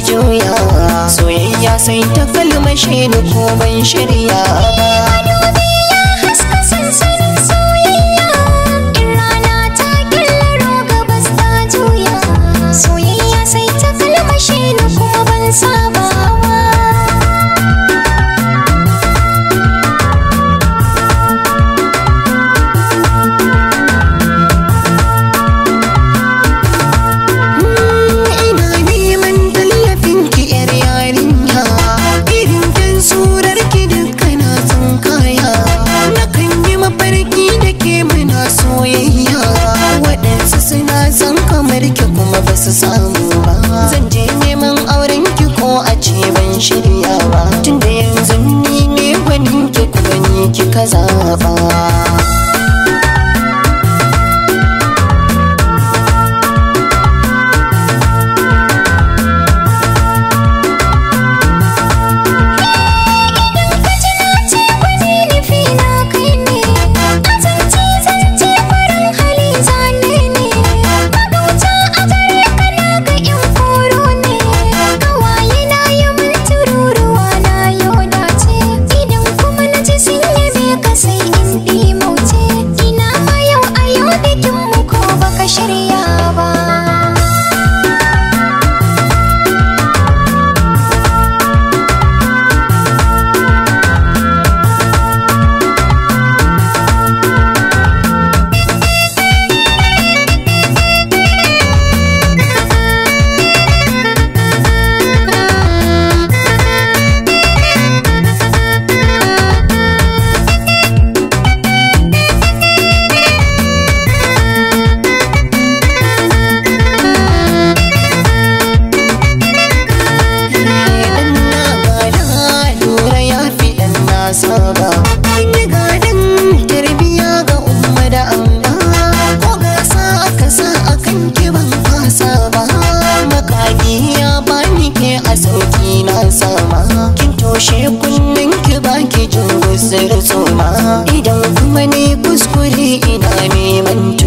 juya soyayya sai ta kalmashi ko ban shirya ba su samu ba zan je neman auren ki ko a ce ban shirya ba tunda yanzu ni ne gwanin ki kuma ni kika zaba yaushe kunnen ki baki jin gusar tsoma idan kuma ne kuskure ina neman